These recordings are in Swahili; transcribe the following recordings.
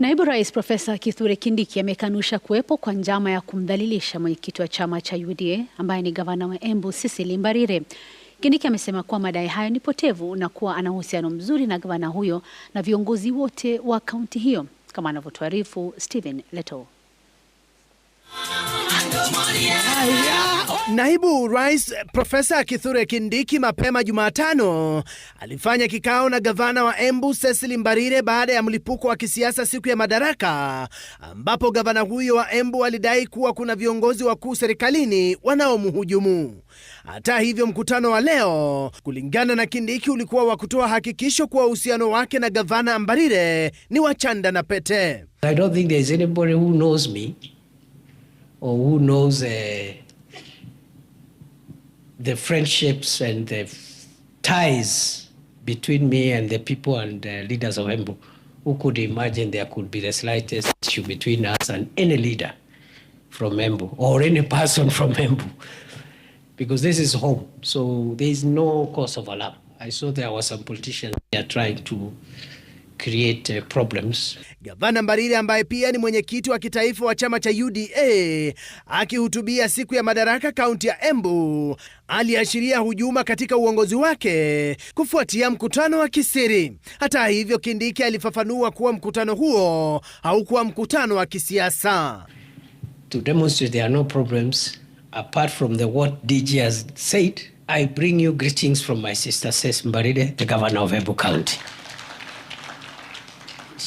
Naibu Rais Profesa Kithure Kindiki amekanusha kuwepo kwa njama ya kumdhalilisha mwenyekiti wa chama cha UDA ambaye ni gavana wa Embu Cecily Mbarire. Kindiki amesema kuwa madai hayo ni potevu na kuwa ana uhusiano mzuri na gavana huyo na viongozi wote wa kaunti hiyo, kama anavyotuarifu Stephen Leto. Naibu Rais Profesa Kithure Kindiki mapema Jumatano alifanya kikao na gavana wa Embu Cecily Mbarire baada ya mlipuko wa kisiasa siku ya madaraka, ambapo gavana huyo wa Embu alidai kuwa kuna viongozi wakuu serikalini wanaomhujumu. Hata hivyo, mkutano wa leo, kulingana na Kindiki, ulikuwa wa kutoa hakikisho kuwa uhusiano wake na gavana Mbarire ni wa chanda na pete. I don't think there is anybody who knows me. or who knows uh, the friendships and the ties between me and the people and the leaders of Embu, who could imagine there could be the slightest issue between us and any leader from Embu or any person from Embu? Because this is home, so there is no cause of alarm. I saw there were some politicians there trying to create uh, problems. Gavana Mbarire ambaye pia ni mwenyekiti wa kitaifa wa chama cha UDA akihutubia siku ya madaraka kaunti ya Embu aliashiria hujuma katika uongozi wake kufuatia mkutano wa kisiri. Hata hivyo, Kindiki alifafanua kuwa mkutano huo haukuwa mkutano wa kisiasa. To demonstrate there are no problems apart from the what DG has said, I bring you greetings from my sister Mbarire, the governor of Embu County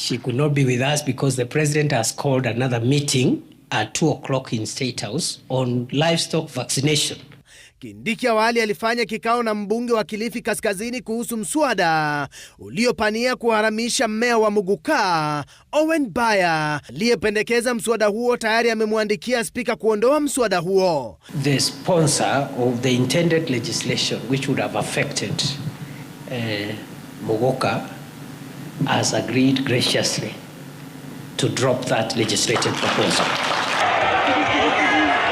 she could not be with us because the president has called another meeting at 2 o'clock in State House on livestock vaccination. Kindiki awali alifanya kikao na mbunge wa Kilifi Kaskazini kuhusu mswada uliopania kuharamisha mmea wa Muguka. Owen Baya aliyependekeza mswada huo tayari amemwandikia spika kuondoa mswada huo. The sponsor of the intended legislation which would have affected uh, Muguka has agreed graciously to drop that legislative proposal.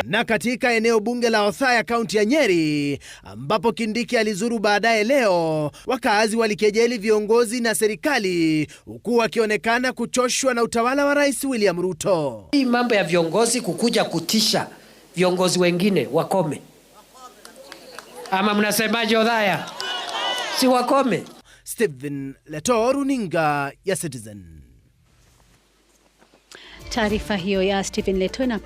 Na katika eneo bunge la Othaya kaunti ya Nyeri ambapo Kindiki alizuru baadaye leo, wakaazi walikejeli viongozi na serikali huku wakionekana kuchoshwa na utawala wa Rais William Ruto. Hii mambo ya viongozi kukuja kutisha viongozi wengine wakome, ama mnasemaje? Othaya si wakome? Stephen Leto, runinga ya Citizen. Taarifa hiyo ya Stephen Leto